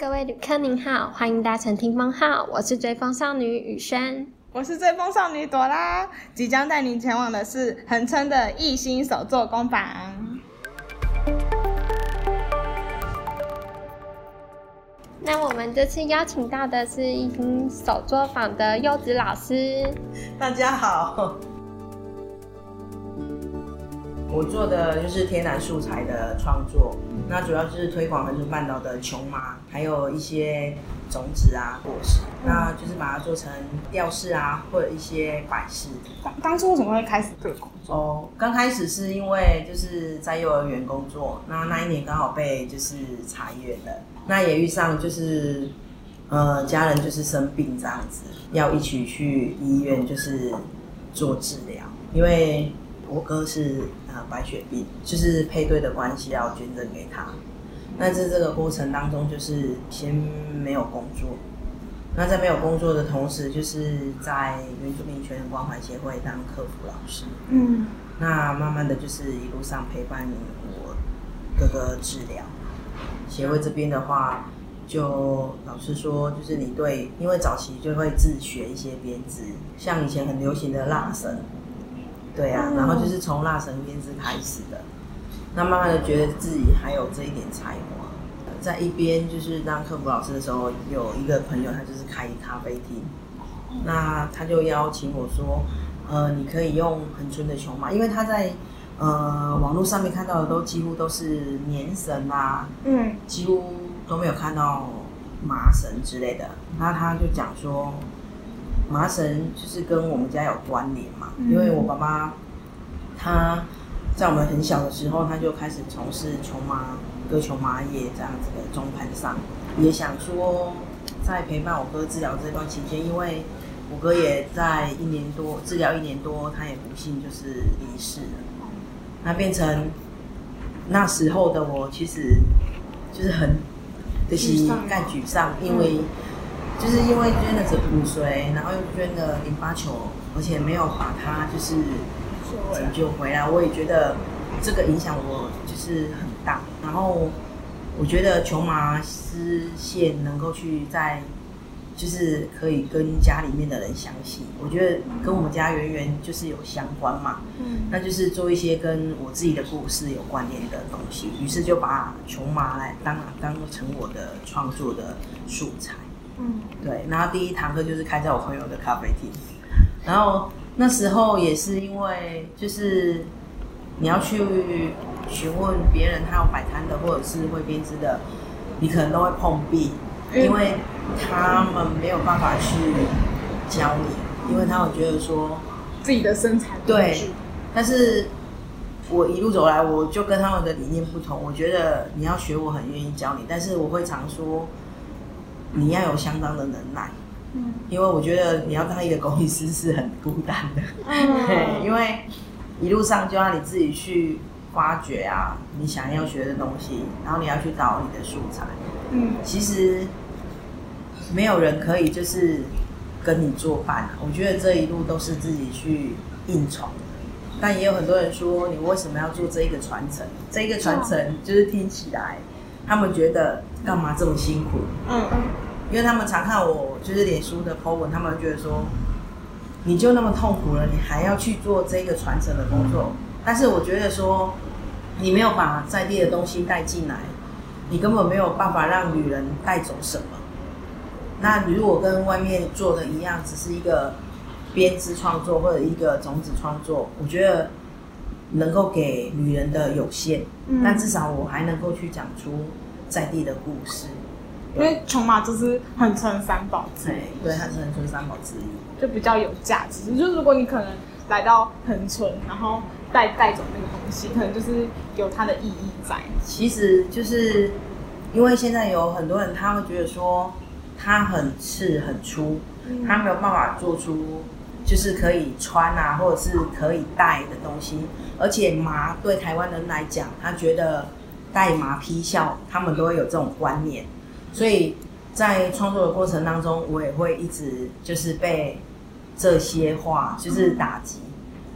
各位旅客您好，歡迎搭乘聽風號，我是追風少女雨萱，我是追風少女朵拉，即將帶您前往的是恆春的藝欣手作工坊。那我們這次邀請到的是藝欣手作坊的柚子老師，大家好。我做的就是天然素材的創作。那主要就是推廣恆春半島的瓊麻，還有一些種子啊、果實是，那就是把它做成吊飾啊，或者一些擺飾。當當初為什麼會開始這個工作？哦，剛開始是因為就是在幼兒園工作，那那一年剛好被就是裁員了，那也遇上就是呃家人就是生病這樣子，要一起去醫院就是做治療，因為。我哥是呃白血病，就是配對的關係要捐贈給他。但是這個過程當中，就是先沒有工作。那在沒有工作的同時，就是在原住民權益關懷協會當客服老師。嗯，那慢慢的，就是一路上陪伴我哥哥治療。協會這邊的話，就老實說，就是你對，因為早期就會自學一些編織，像以前很流行的蠟繩。對啊，oh. 然後就是從蠟繩編織開始的，那慢慢的覺得自己還有這一點才華，在一邊就是當客服老師的時候，有一個朋友他就是開一咖啡廳，那他就邀請我說，呃，你可以用恆春的瓊麻，因為他在呃網絡上面看到的都幾乎都是棉繩啊，嗯，mm. 幾乎都沒有看到麻繩之類的，那他就講說。麻繩就是跟我們家有關聯嘛，嗯、因為我爸媽，他在我們很小的時候，他就開始從事瓊麻割瓊麻葉這樣子的中盤商，也想說在陪伴我哥治療這段期間，因為我哥也在一年多治療一年多，他也不幸就是離世了，那變成那時候的我，其實就是很就是干沮喪，因為、嗯。就是因為捐了骨髓，然後又捐了淋巴球，而且沒有把它就是拯救回來，我也覺得這個影響我就是很大。然後我覺得瓊麻絲線能夠去在就是可以跟家裡面的人相信，我覺得跟我們家圓圓就是有相關嘛，嗯，那就是做一些跟我自己的故事有關聯的東西，於是就把瓊麻來當當成我的創作的素材。嗯，對，然後第一堂課就是開在我朋友的咖啡廳，然後那時候也是因為就是你要去詢問別人，他有擺攤的或者是會編織的，你可能都會碰壁，因為他們沒有辦法去教你，因為他們覺得說自己的生產對，但是我一路走來，我就跟他們的理念不同，我覺得你要學，我很願意教你，但是我會常說。你要有相當的能耐，嗯，因為我覺得你要當一個工藝師是很孤單的，嗯，因為一路上就要你自己去挖掘啊，你想要學的東西，然後你要去找你的素材，嗯，其實沒有人可以就是跟你做飯，我覺得這一路都是自己去硬闖的，但也有很多人說，你為什麼要做這一個傳承？這一個傳承就是聽起來，他們覺得。幹嘛這麼辛苦？嗯嗯，因為他們常看我就是臉書的 po 文，他們覺得說，你就那麼痛苦了，你還要去做這個傳承的工作。嗯，但是我覺得說，你沒有把在地的東西帶進來，你根本沒有辦法讓女人帶走什麼。那如果跟外面做的一樣，只是一個編織創作或者一個種子創作，我覺得能夠給女人的有限。嗯，但至少我還能夠去講出。在地的故事，因為瓊麻就是恆春三寶之一，對，它是恆春三寶之一，就比較有價值。就是、如果你可能來到恆春，然後帶帶走那個東西，可能就是有它的意義在。其實就是因為現在有很多人他會覺得說，它很刺很粗，他沒有辦法做出就是可以穿啊，或者是可以戴的東西。而且麻對台灣人來講，他覺得。帶麻批笑，他們都會有這種觀念，所以在創作的過程當中，我也會一直就是被這些話就是打擊，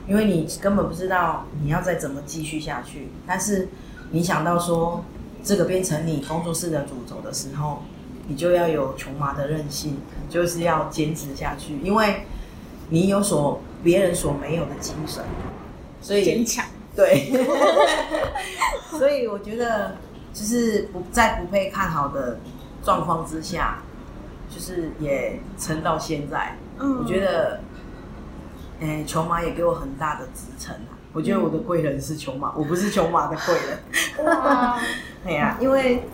嗯、因為你根本不知道你要再怎麼繼續下去。但是你想到說這個變成你工作室的主軸的時候，你就要有瓊麻的韌性，就是要堅持下去，因為你有所別人所沒有的精神，所以堅強。對， 所以我覺得，就是不在不被看好的狀況之下，就是也撐到現在。嗯，我覺得，哎、欸，瓊麻也給我很大的支撐啊。我覺得我的貴人是瓊麻，嗯、我不是瓊麻的貴人。哇 對呀、啊，因為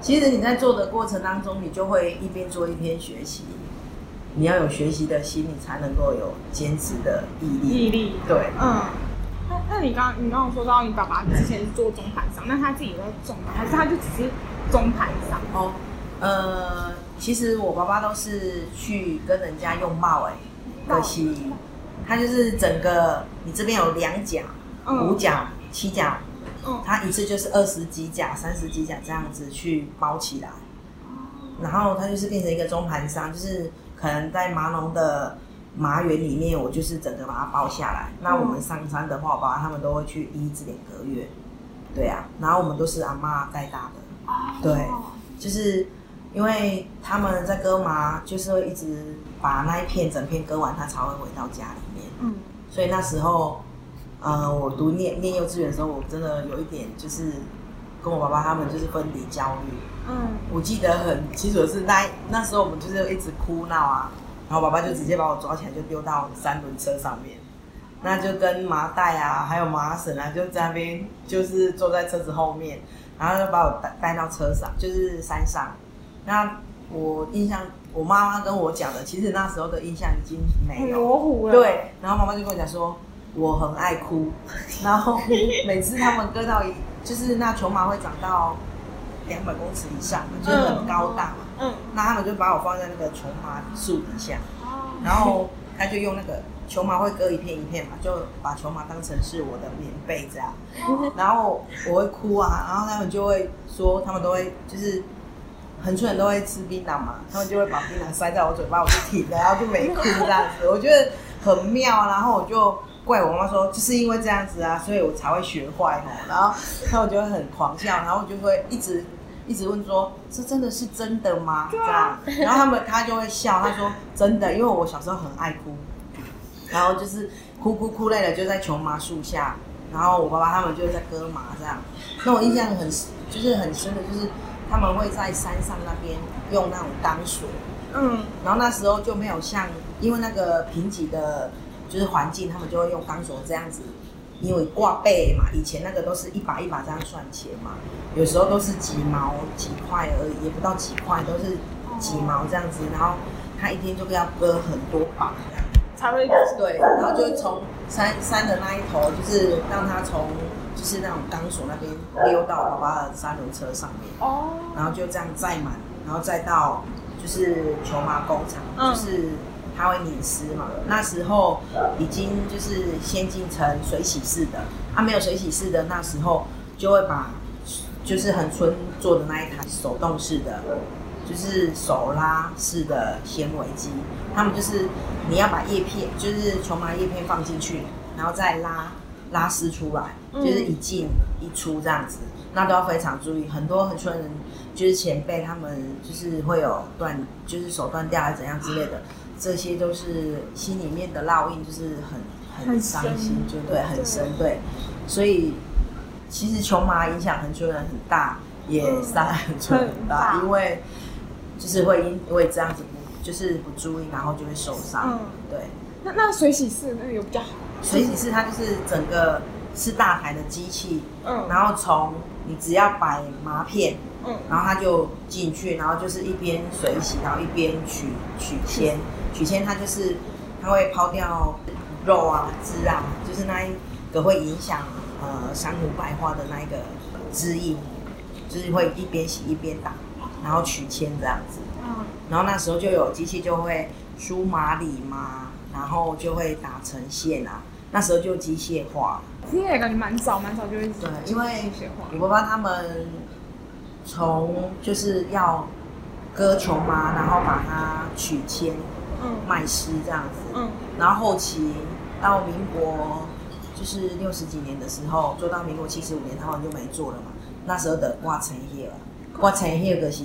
其實你在做的過程當中，你就會一邊做一邊學習。你要有學習的心，你才能夠有堅持的毅力。毅力，對，對嗯。那那你剛剛你剛剛我說到你爸爸之前是做中盤商，那他自己在種嗎？還是他就只是中盤商哦？Oh, 呃，其實我爸爸都是去跟人家用帽誒、欸，可惜、oh. 他就是整個你這邊有兩甲、oh. 五甲、七甲，oh. Oh. 他一次就是二十幾甲、三十幾甲這樣子去包起來，oh. 然後他就是變成一個中盤商，就是可能在麻農的。麻園裡面，我就是整個把它包下來。那我們上山的話，嗯、我爸爸他們都會去一至兩個月，對啊。然後我們都是阿媽帶大的，啊、對，哦、就是因為他們在割麻，就是會一直把那一片整片割完，他才會回到家裡面。嗯，所以那時候，呃，我讀念念幼稚園的時候，我真的有一點就是跟我爸爸他們就是分離焦慮，嗯，我記得很清楚是那，那那時候我們就是一直哭鬧啊。然後爸爸就直接把我抓起來，就丟到三輪車上面，那就跟麻袋啊，還有麻繩啊，就在那邊，就是坐在車子後面，然後就把我帶帶到車上，就是山上。那我印象，我媽媽跟我講的，其實那時候的印象已經沒有模糊了。對，然後媽媽就跟我講說，我很愛哭，然後每次他們割到一，就是那瓊麻會長到兩百公尺以上，就覺得很高大嘛。嗯，那他們就把我放在那個瓊麻樹底下，然後他就用那個瓊麻會割一片一片嘛，就把瓊麻當成是我的棉被這樣，然後我會哭啊，然後他們就會說，他們都會就是，很多人都會吃檳榔嘛，他們就會把檳榔塞在我嘴巴，我就停了，然後就沒哭這樣子，我覺得很妙啊，然後我就怪我媽媽說就是因為這樣子啊，所以我才會學壞哦、啊，然後那我就會很狂笑，然後我就會一直。一直問說：“是真的是真的嗎？”這樣、啊，然後他們他就會笑，他說：“真的，因為我小時候很愛哭，然後就是哭哭哭累了，就在瓊麻樹下，然後我爸爸他們就在割麻這樣。那我印象很就是很深的就是，他們會在山上那邊用那種鋼索，嗯，然後那時候就沒有像，因為那個貧瘠的，就是環境，他們就會用鋼索這樣子。”因為掛背嘛，以前那個都是一把一把這樣算錢嘛，有時候都是幾毛幾塊而已，也不到幾塊，都是幾毛這樣子。然後他一天就不要割很多把，差不多。對，嗯、然後就從山山的那一頭，就是讓他從就是那種鋼索那邊溜到爸爸的三輪車上面，哦，然後就這樣載滿，然後再到就是瓊麻工廠，嗯、就是。它會捻絲嘛，那時候已經就是先進成水洗式的，它、啊、沒有水洗式的那時候就會把就是恆春做的那一台手動式的，就是手拉式的纖維機，他們就是你要把葉片就是從把葉片放進去，然後再拉拉絲出來，就是一進一出這樣子，嗯、那都要非常注意。很多恆春人就是前輩，他們就是會有斷，就是手斷掉還是怎樣之類的。這些都是心裡面的烙印，就是很很傷心，就對，很深，對。所以其實瓊麻影響很多人很大，也傷害很多人很大，因為就是會因為這樣子不就是不注意，然後就會受傷，對。那那水洗式那有比較好？水洗式，它就是整個是大台的機器，嗯，然後從你只要擺麻片，嗯，然後它就進去，然後就是一邊水洗，然後一邊取取纖。取纖，它就是它會拋掉肉啊、汁啊，就是那一個會影響呃珊瑚白化的那一個枝葉，就是會一邊洗一邊打，然後取纖這樣子。嗯。然後那時候就有機器就會梳麻理嘛，然後就會打成線啊。那時候就機械化。耶，感覺蠻早，蠻早就會死。對，因為你不伯他們從就是要割球嘛，然後把它取纖。嗯，麻絲這樣子，嗯，然後後期到民國就是六十幾年的時候，做到民國七十五年，他們就沒做了嘛。那時候的割瓊麻葉，割瓊麻葉就是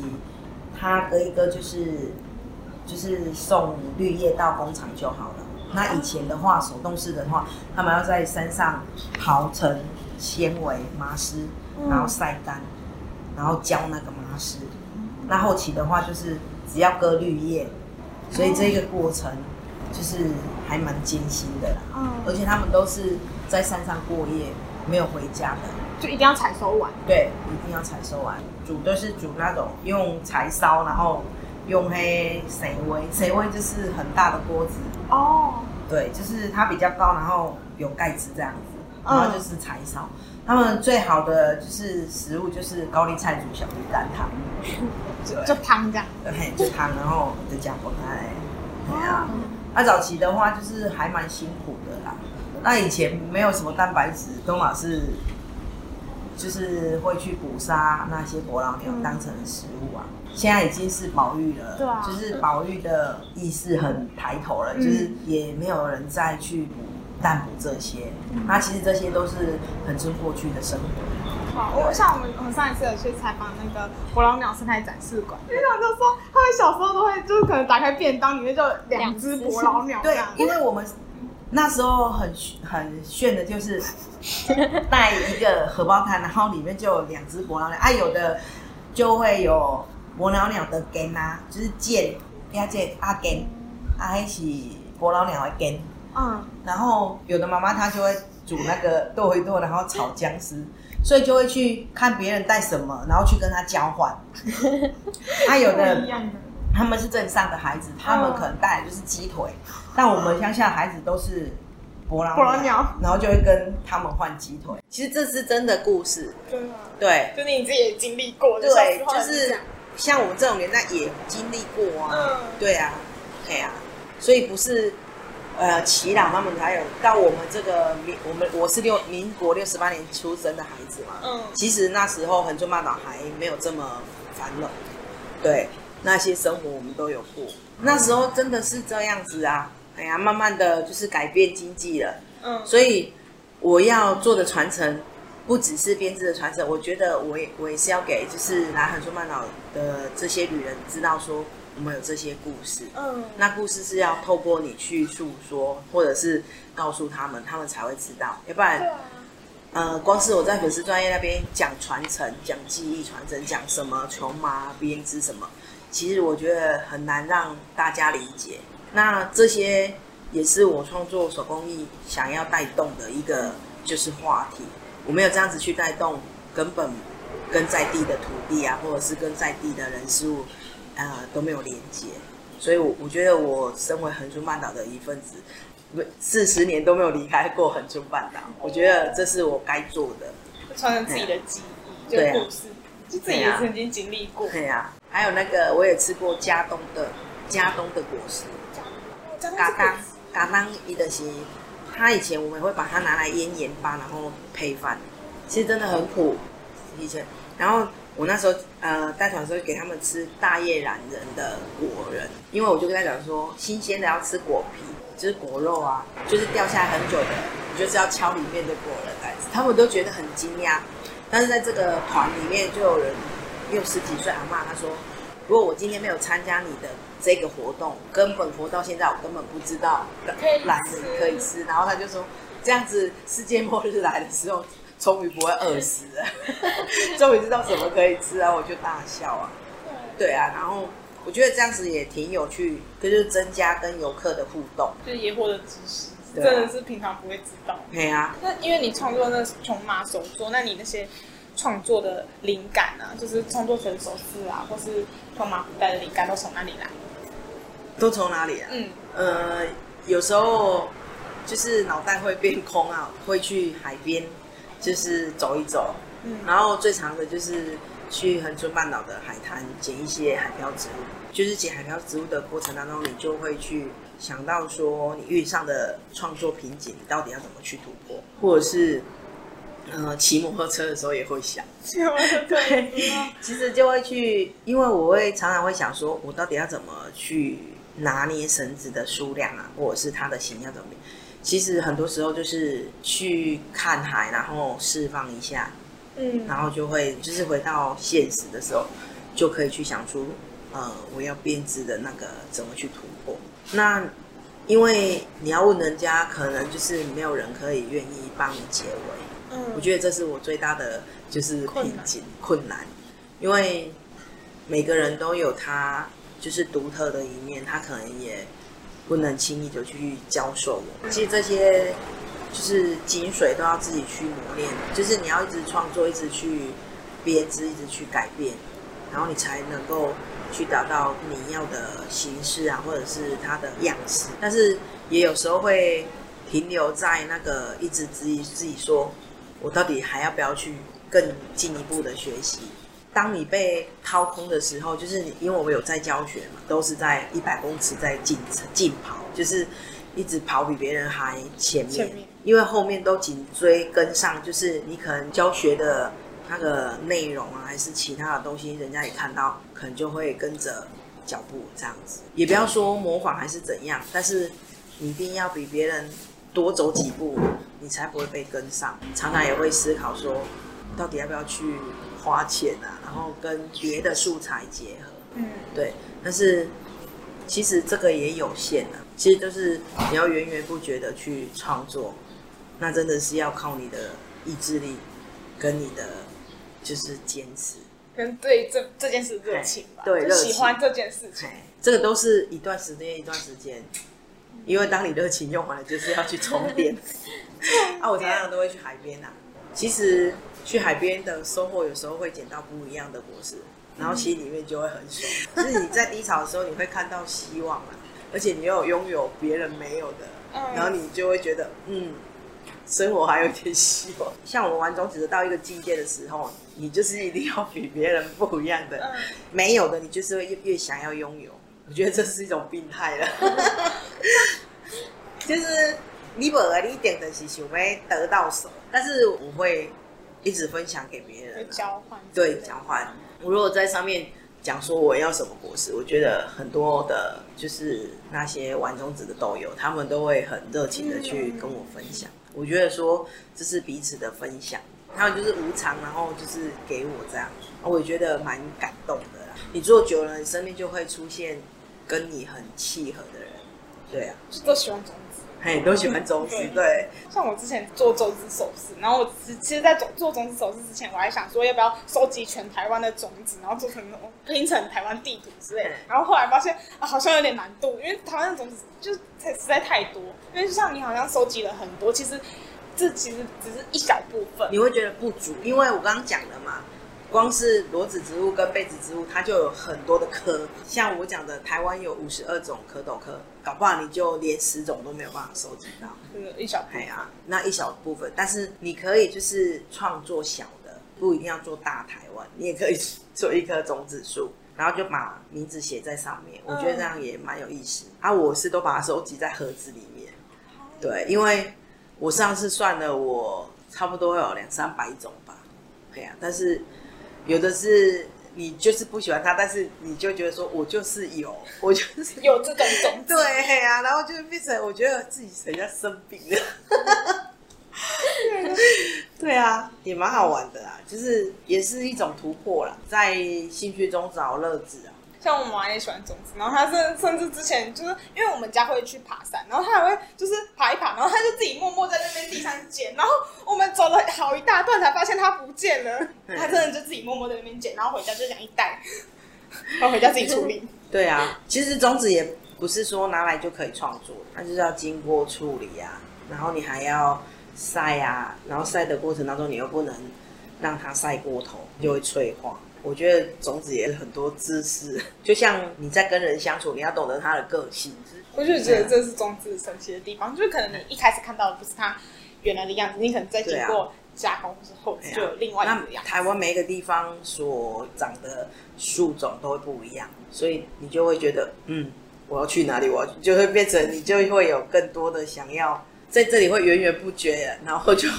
他隔一個就是割割、就是、就是送綠葉到工廠就好了。那以前的話，手動式的話，他們要在山上刨成纖維麻絲，然後曬乾，然後澆那個麻絲。嗯、後那絲、嗯、後期的話，就是只要割綠葉。所以這個過程就是還蠻艱辛的啦，嗯、而且他們都是在山上過夜，沒有回家的，就一定要採收完。對，一定要採收完。煮都、就是煮那種用柴燒，然後用黑水鍋，水鍋就是很大的鍋子。哦，對，就是它比較高，然後有蓋子這樣子。然後就是柴燒，嗯、他們最好的就是食物就是高麗菜煮小魚蛋湯，嗯、對就湯這樣，對，就湯，然後就加火開，對啊，那、嗯啊、早期的話就是還蠻辛苦的啦。那以前沒有什麼蛋白質，通常是就是會去捕殺那些伯勞鳥當成的食物啊。嗯、現在已經是保育了，對、啊、就是保育的意識很抬頭了，嗯、就是也沒有人再去捕。彈幕這些，那其實這些都是很是過去的生活。好，對我像我們我們上一次有去採訪那個伯勞鳥生態展示館，院長對就說他們小時候都會就是可能打開便當裡面就有兩隻伯勞鳥。 對啊，因為我們那時候很很炫的就是帶一個荷包蛋，然後裡面就有兩隻伯勞鳥。哎、啊，有的就會有伯勞鳥的 gen、啊、就是劍，第二劍阿 gen，阿還是伯勞鳥的 gen 嗯，然後有的媽媽她就會煮那個豆皮豆，然後炒薑絲，所以就會去看別人帶什麼，然後去跟他交換。他有的，他們是鎮上的孩子，他們可能帶的就是雞腿，但我們鄉下孩子都是波羅波，然後就會跟他們換雞腿。其實這是真的故事，真的對，就你自己也經歷過，對，就是像我們這種年代也經歷過啊，對啊 o 啊，所以不是。呃，祈禱他們才有，還有、嗯、到我們這個民，我們我是六民國六十八年出生的孩子嘛，嗯，其實那時候恆春半島還沒有這麼繁榮，對，那些生活我們都有過，嗯、那時候真的是這樣子啊，哎呀，慢慢的就是改變經濟了，嗯，所以我要做的傳承，不只是編織的傳承，我覺得我也我也是要給就是來恆春半島的這些女人知道說。我們有這些故事，嗯，那故事是要透過你去訴說，或者是告訴他們，他們才會知道。要不然，呃，光是我在粉絲專頁那邊講傳承、講技藝傳承、講什麼瓊麻、啊、編織什麼，其實我覺得很難讓大家理解。那這些也是我創作手工藝想要帶動的一個，就是話題。我沒有這樣子去帶動，根本跟在地的土地啊，或者是跟在地的人事物。啊、呃，都沒有連接，所以我我覺得我身為恆春半島的一份子，四十年都沒有離開過恆春半島，我覺得這是我該做的，oh. 嗯、傳承自己的記憶，嗯、就故事、對、啊、就自己也曾經經歷過。對呀、啊啊，還有那個我也吃過茄苳的茄苳的果實，茄苳茄苳茄苳伊的是，他以前我們會把它拿來醃鹽巴，然後配飯，其實真的很苦，以前、嗯，然後。我那時候呃帶團的時候，給他們吃大葉欖仁的果仁，因為我就跟他講說，新鮮的要吃果皮，就是果肉啊，就是掉下來很久的，就是要敲裡面的果仁這樣子。他們都覺得很驚訝，但是在這個團裡面就有人六十幾歲阿嬤，他說，如果我今天沒有參加你的這個活動，根本活到現在，我根本不知道欖仁可以吃。然後他就說，這樣子世界末日來的時候，終於不會餓死，終於知道什麼可以吃啊！我就大笑啊對，對啊，然後我覺得這樣子也挺有趣，可是就是增加跟遊客的互動，就是也獲得知識，啊、真的是平常不會知道。對啊，那因為你創作的那瓊麻手作，那你那些創作的靈感啊，就是創作成首飾啊，或是瓊麻布袋的靈感都從哪裡來？都從哪裡啊？嗯，呃，有時候就是腦袋會變空啊，會去海邊。就是走一走，嗯、然後最常的就是去恆春半島的海灘撿一些海漂植物。就是撿海漂植物的過程當中，你就會去想到說，你遇上的創作瓶頸，你到底要怎麼去突破？嗯、或者是，呃，騎摩托車的時候也會想， 對，其實就會去，因為我會常常會想說，我到底要怎麼去拿捏繩子的數量啊，或者是它的形象要怎麼？其實很多時候就是去看海，然後釋放一下，嗯，然後就會就是回到現實的時候，哦、就可以去想出，呃，我要編織的那個怎麼去突破。那因為你要問人家，可能就是沒有人可以願意幫你結尾。嗯，我覺得這是我最大的就是瓶頸，困難，困難，因為每個人都有他就是獨特的一面，他可能也。不能輕易就去教授我。其實這些就是精髓都要自己去磨練，就是你要一直創作，一直去編織，一直去改變，然後你才能夠去達到你要的形式啊，或者是它的樣式。但是也有時候會停留在那個一直質疑自己說，我到底還要不要去更進一步的學習？當你被掏空的時候，就是你，因為我們有在教學嘛，都是在一百公尺在進進跑，就是一直跑比別人還前面，前面，因為後面都緊追跟上，就是你可能教學的那個內容啊，還是其他的東西，人家也看到，可能就會跟着腳步這樣子，也不要說模仿還是怎樣，但是你一定要比別人多走幾步，你才不會被跟上。常常也會思考說，到底要不要去？花錢啊，然後跟別的素材結合，嗯，對，但是其實這個也有限啊，其實都是你要源源不絕的去創作，那真的是要靠你的意志力跟你的就是堅持跟對這這件事熱情吧，對，熱情喜歡這件事情。嗯，這個都是一段時間一段時間，因為當你熱情用完了，就是要去充電。 啊，我常常都會去海邊啊。其實去海邊的收穫有時候會撿到不一樣的果實，然後心裡面就會很爽。 就是你在低潮的時候，你會看到希望嘛，而且你又有擁有別人沒有的，然後你就會覺得，嗯，生活還有一點希望。像我們玩種籽，只得到一個境界的時候，你就是一定要比別人不一樣的， 沒有的，你就是會越越想要擁有。我覺得這是一種病態了， 就是你本來你一點的是想沒得到手。但是我會一直分享給別人，交換，對、對、對，交換。我如果在上面講說我要什麼果實，我覺得很多的，就是那些玩種子的豆友，他們都會很熱情的去跟我分享。嗯嗯、我覺得說這是彼此的分享，還有就是無償，然後就是給我這樣，我覺得蠻感動的啦。你做久了，你身邊就會出現跟你很契合的人，對啊，都喜歡種。哎，都喜歡種子，對。對對，像我之前做種子首飾，然後我其實，在做做種子首飾之前，我還想說要不要收集全台灣的種子，然後做成拼成台灣地圖之類的。對。然後後來發現啊，好像有點難度，因為台灣的種子就是實在太多。因為就像你好像收集了很多，其實這其實只是一小部分，你會覺得不足，因為我剛剛講的嘛。光是裸子植物跟被子植物，它就有很多的科。像我講的，台灣有五十二種殼斗科，搞不好你就連十種都沒有辦法收集到。嗯。一小塊啊、哎，那一小部分。但是你可以就是創作小的，不一定要做大台灣。你也可以做一棵種子樹，然後就把名字寫在上面。我覺得這樣也蠻有意思。嗯、啊，我是都把它收集在盒子裡面。嗯、對，因為我上次算了，我差不多有兩三百種吧。對、哎、啊，但是。有的是你就是不喜歡他，但是你就覺得說，我就是有，我就是有這種種 對啊，然後就變成我覺得自己誰家生病了， 對啊，也蠻好玩的啦，就是也是一種突破啦，在興趣中找樂子啊。像我媽也喜歡種子，然後她是甚至之前就是因為我們家會去爬山，然後她還會就是爬一爬，然後她就自己默默在那邊地上撿，然後我們走了好一大段才發現她不見了。她、嗯、真的就自己默默在那邊撿，然後回家就講一袋，然後回家自己處理。對啊，其實種子也不是說拿來就可以創作，它就是要經過處理呀、啊，然後你還要曬啊，然後曬的過程當中你又不能讓它曬過頭，就會脆化。我覺得種子也有很多知識，就像你在跟人相處，你要懂得它的個性。我就覺得這是種子神奇的地方，就是可能你一開始看到的不是它原來的樣子，你可能在經過加工之後就有另外一樣。對啊、對啊、那台灣每一個地方所長的樹種都會不一樣，所以你就會覺得，嗯，我要去哪裡，我要去就會變成你就會有更多的想要在這裡會源源不絕，然後就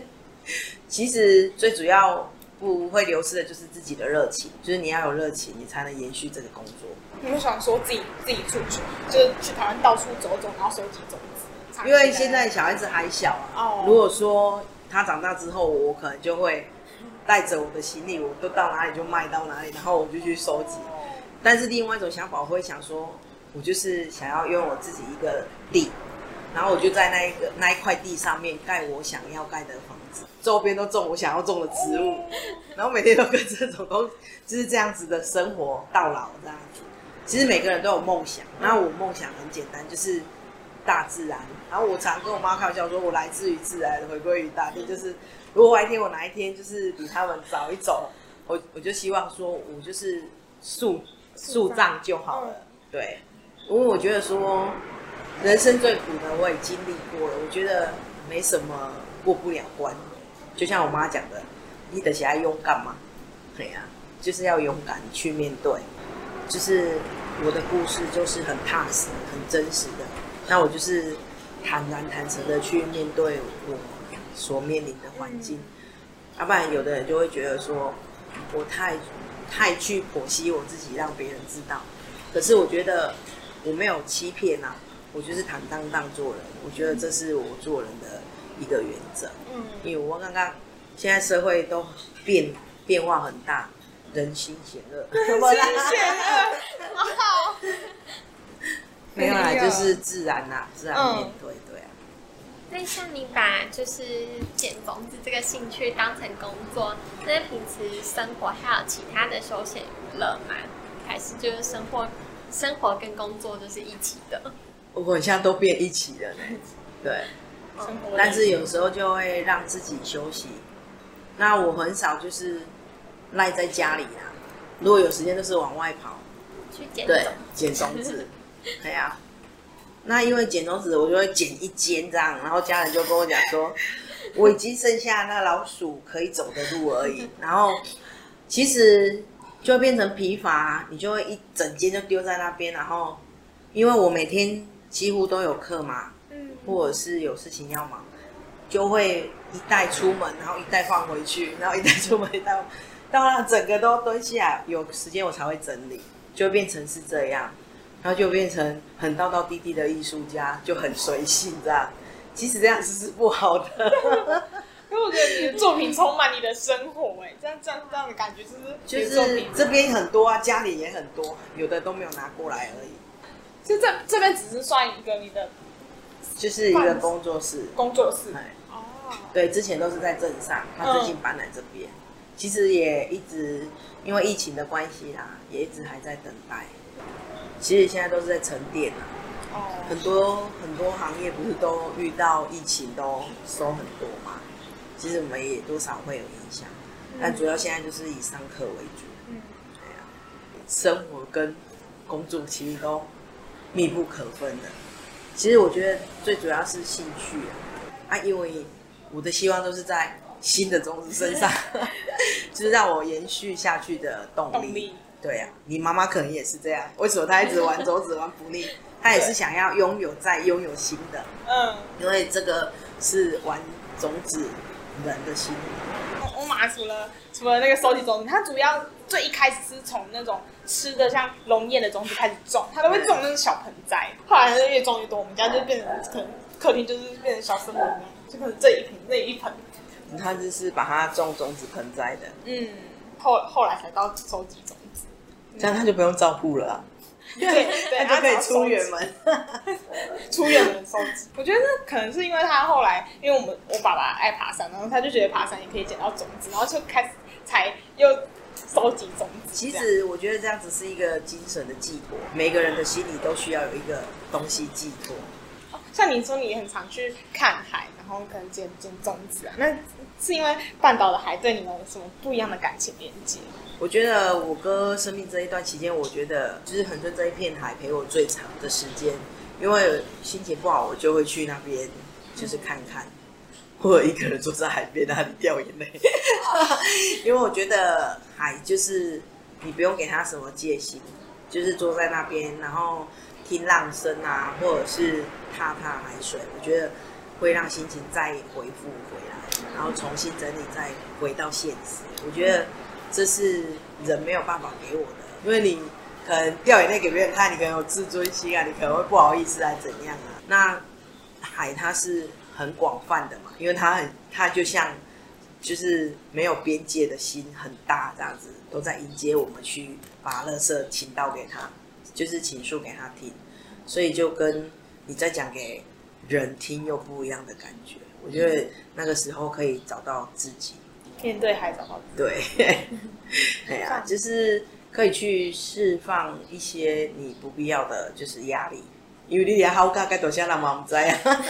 其實最主要。不會流失的，就是自己的熱情。就是你要有熱情，你才能延續這個工作。你會想說自己自己出去，就是去台灣到處走走，然後收集種子。因為現在小孩子還小啊，如果說他長大之後，我可能就會帶着我的行李，我都到哪裡就賣到哪裡，然後我就去收集。但是另外一種想法，我會想說，我就是想要擁有我自己一個地，然後我就在那一個那一塊地上面蓋我想要蓋的房子。周邊都種我想要種的植物，然後每天都跟這種公就是這樣子的生活到老這樣子。其實每個人都有夢想，然後我夢想很簡單，就是大自然。然後我常跟我媽開玩笑說，我來自於自然，回歸於大地。就是如果我一天我哪一天就是比他們早一走，我我就希望說，我就是樹樹葬就好了。對，因為我覺得說人生最苦的我也經歷過了，我覺得沒什麼過不了關。就像我媽講的，你等下要勇敢嘛，對呀、啊，就是要勇敢去面對。就是我的故事，就是很踏實、很真實的。那我就是坦然、坦誠的去面對我所面臨的環境，要、啊、不然有的人就會覺得說我太太去剖析我自己，讓別人知道。可是我覺得我沒有欺騙啊，我就是坦蕩蕩做人。我覺得這是我做人的。嗯一個原則，嗯，因為我剛剛現在社會都變變化很大，人心險惡，人心險惡，沒有啦，就是自然啊，有自然面對、嗯、對,對啊。那像你把就是撿種子這個興趣當成工作，那平時生活還有其他的休閒娛樂嗎？還是就是生活生活跟工作就是一起的？我現在都變一起的，對。但是有時候就會讓自己休息。那我很少就是賴在家裡啊。如果有時間，就是往外跑，去撿種籽子，對，撿種籽。 對啊。那因為撿種籽，我就會撿一間這樣，然後家人就跟我講說， 我已經剩下那老鼠可以走的路而已。然後其實就會變成疲乏，你就會一整間就丟在那邊。然後因為我每天幾乎都有課嘛。或者是有事情要忙，就會一袋出門，然後一袋放回去，然後一袋出門，一袋到讓整個都蹲下來。有時間我才會整理，就會變成是這樣，然後就變成很道道地地的藝術家，就很隨性，這樣。其實這樣子是不好的， 因為我覺得你的作品充滿你的生活，哎，這樣這樣這樣的感覺就是就是作品這，這邊很多啊，家裡也很多，有的都沒有拿過來而已，就這這邊只是算一個你的。就是一個工作室，工作室，哦、嗯，對，之前都是在鎮上，他最近搬來這邊，嗯、其實也一直因為疫情的關係啦，也一直還在等待。其實現在都是在沉澱啦哦，很多很多行業不是都遇到疫情都收很多嘛？其實我們也多少會有影響，嗯、但主要現在就是以上課為主，嗯，對呀、啊，生活跟工作其實都密不可分的。其實我覺得最主要是興趣啊，啊因為我的希望都是在新的種子身上， 就是讓我延續下去的動力。動力，對呀、啊，你媽媽可能也是這樣，為什麼她一直玩種子玩不膩？ 她也是想要擁有再擁有新的。嗯，因為這個是玩種子人的心理。我我媽除了除了那個收集種子，她主要。最一開始是從那種吃的像龍眼的種子開始種，他都會種那種小盆栽。後來就越種越多，我們家就變成客廳就是變成小森林，就可能這一盆那一盆，嗯。他就是把它種種子盆栽的，嗯，後後來才到收集種子。這樣他就不用照顧了，嗯 對，對，他可以出遠門， 出遠門收集。我覺得那可能是因為他後來，因為我們我爸爸愛爬山，然後他就覺得爬山也可以撿到種子，然後就開始才又。收集種子。其實我覺得這樣子是一個精神的寄托，每個人的心裡都需要有一個東西寄托。哦，像你說，你也很常去看海，然後可能撿撿種子啊，那是因為半島的海對你們有什麼不一樣的感情連接？我覺得我哥生病這一段期間，我覺得就是恆春這一片海陪我最長的時間。因為心情不好，我就會去那邊，就是看看。嗯或者一個人坐在海邊那裡掉眼淚， 因為我覺得海就是你不用給他什麼戒心，就是坐在那邊，然後聽浪聲啊，或者是踏踏海水，我覺得會讓心情再回復回來，然後重新整理，再回到現實。我覺得這是人沒有辦法給我的，因為你可能掉眼淚給別人看，你可能有自尊心啊，你可能會不好意思啊，怎樣啊？那海它是很廣泛的。因為他很，他就像，就是沒有邊界的心很大，這樣子都在迎接我們去把垃圾傾倒給他，就是傾訴給他聽，所以就跟你在講給人聽又不一樣的感覺。我覺得那個時候可以找到自己，面對海找到自己對， 對啊，就是可以去釋放一些你不必要的就是壓力。有利也好，大概到像人嘛？我們知啊，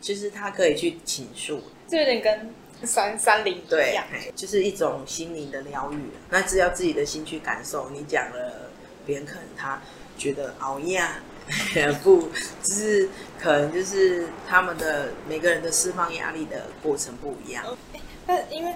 其實就是他可以去傾訴，這有點跟三三零一樣，對，就是一種心靈的療癒。那只要自己的心去感受。你講了，別人可能他覺得熬夜 不，只、就是可能就是他們的每個人的釋放壓力的過程不一樣。Okay, 但因為，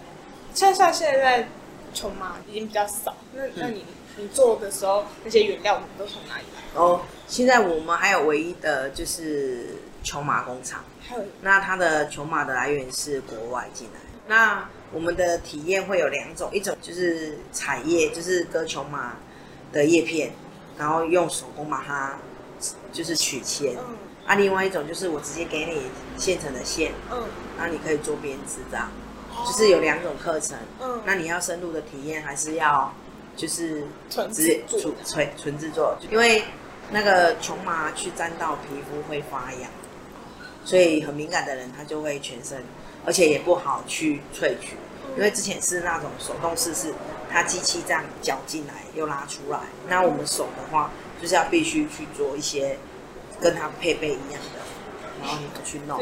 就算現在窮嘛，嗯、已經比較少。那那你？嗯做的時候，那些原料你們都從哪裡來？哦，現在我們還有唯一的就是瓊麻工廠，還有那它的瓊麻的來源是國外進來。嗯、那我們的體驗會有兩種，一種就是採葉，嗯、就是割瓊麻的葉片，然後用手工把它就是取線，嗯、啊，另外一種就是我直接給你現成的線，嗯，那你可以做編織這樣，嗯、就是有兩種課程，嗯，那你要深入的體驗還是要。就是純製作，純純製作，因為那個瓊麻去沾到皮膚會發癢，所以很敏感的人他就會全身，而且也不好去萃取，因為之前是那種手動式，是它機器這樣攪進來又拉出來，那我們手的話就是要必須去做一些跟它配備一樣的，然後你們去弄，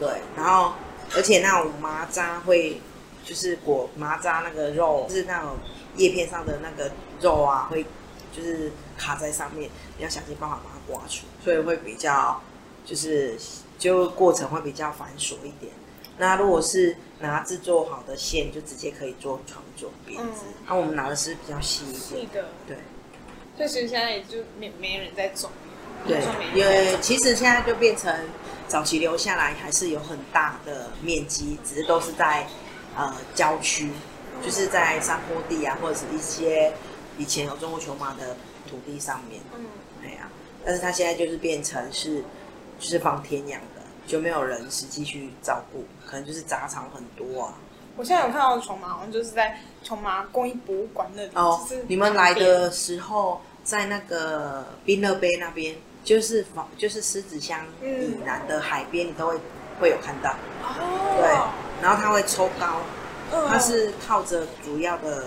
對，然後而且那種麻渣會就是裹麻渣那個肉，就是那種。葉片上的那個肉啊，會就是卡在上面，你要想盡辦法把它刮出，所以會比較就是就過程會比較繁瑣一點。那如果是拿製作好的線，就直接可以做傳統編織。嗯、那我們拿的是比較細一點的，對。所以其實現在也就沒沒人在種。對，也其實現在就變成早期留下來還是有很大的面積，只是都是在呃郊區。就是在山坡地啊，或者是一些以前有種瓊麻的土地上面，嗯，對啊。但是它現在就是變成是，就是放天養的，就沒有人實際去照顧，可能就是雜草很多啊。我現在有看到的瓊麻好像就是在瓊麻工藝博物館那裡。哦，你們來的時候在那個檳榔碑那邊，就是房就是獅子鄉以南的海邊，嗯、你都會會有看到。哦，對，然後它會抽高。它是靠着主要的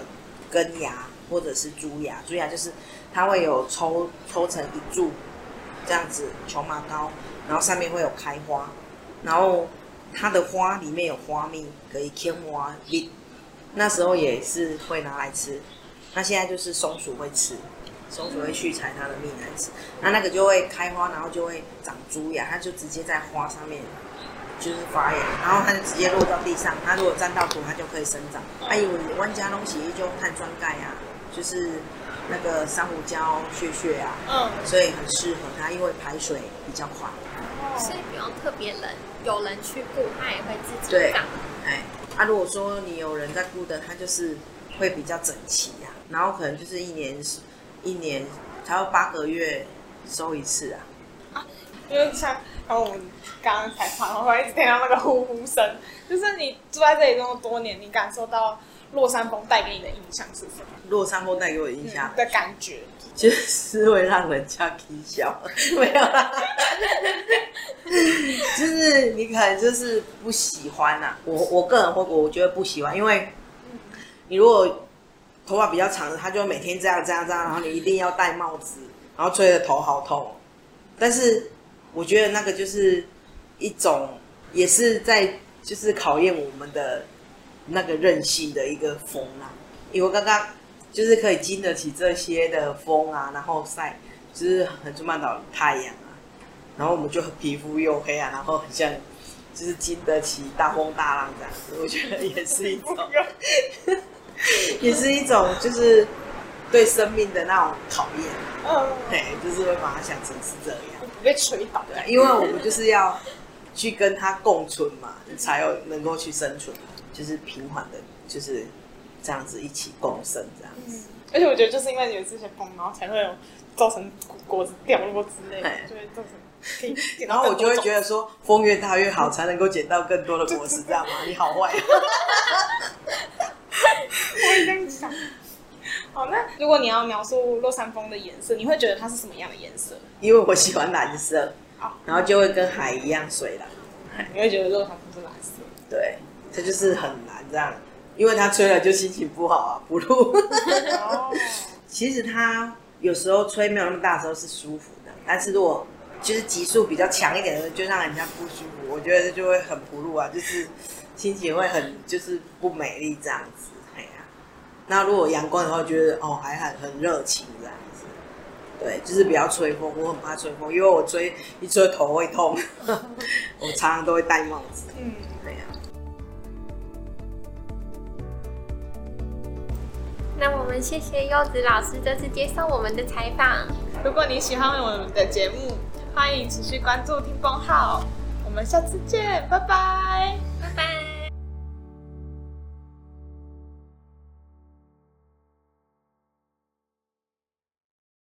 根芽或者是珠芽，珠芽就是它會有抽抽成一柱這樣子瓊麻膏，然後上面會有開花，然後它的花裡面有花蜜可以舔花蜜，那時候也是會拿來吃，那現在就是松鼠會吃，松鼠會去採它的蜜來吃，那那個就會開花，然後就會長珠芽，它就直接在花上面，就是發芽，然後它就直接落到地上。它如果沾到土，它就可以生長。它有萬家隆洗衣，就用碳酸鈣啊，就是那個珊瑚礁屑屑啊，嗯，所以很適合它，因為排水比較快。哦、所以，不用特別冷，有人去顧，它也會自己長。對，哎、啊，如果說你有人在顧的，它就是會比較整齊呀、啊。然後可能就是一年，一年還要八個月收一次啊。啊，因為像。然後我們剛剛才發，然後一直聽到那個呼呼聲。就是你住在這裡這麼多年，你感受到落山風帶給你的印象是什麼？落山風帶給我印象、嗯、的感覺，就是會讓人家啼笑，沒有啦， 就是你可能就是不喜歡吶、啊，我我個人我我覺得不喜歡，因為你如果頭髮比較長的，他就每天這樣這樣這樣，嗯、然後你一定要戴帽子，然後吹得頭好痛。但是。我覺得那個就是一種，也是在就是考驗我們的那個韌性的一個風浪啊，因為我剛剛就是可以經得起這些的風啊，然後曬，就是很出曼島的太陽啊，然後我們就很皮膚又黑啊，然後很像就是經得起大風大浪這樣子，我覺得也是一種， 也是一種就是對生命的那種考驗啊，哦。嘿，就是會把它想成是這樣。被吹倒，因為我們就是要去跟它共存嘛， 你才有能夠去生存，就是平緩的，就是這樣子一起共生這樣子。嗯，而且我覺得就是因為有這些風，然後才會有造成果子掉落之類的，嘿就會造成。然後我就會覺得說，種風越大越好，才能夠撿到更多的果實， 就是，這樣嘛，你好壞。 我跟你講。哦，oh, 那如果你要描述落山風的顏色，你會覺得它是什麼樣的顏色？因為我喜歡藍色，好，oh. 然後就會跟海一樣水藍。你會覺得落山風它不是藍色？對，他就是很藍這樣，因為它吹了就心情不好啊，不露 ，oh. 其實它有時候吹沒有那麼大的時候是舒服的，但是如果就是級數比較強一點的時候，就讓人家不舒服。我覺得就會很不露啊，就是心情會很就是不美麗這樣子。那如果陽光的話，覺得哦還很很熱情這樣子，對，就是比較吹風，我很怕吹風，因為我吹一吹頭會痛，我常常都會戴帽子。嗯，對啊。那我們謝謝柚子老師這次接受我們的採訪。如果你喜歡我們的節目，歡迎持續關注聽風號。我們下次見，拜拜，拜拜。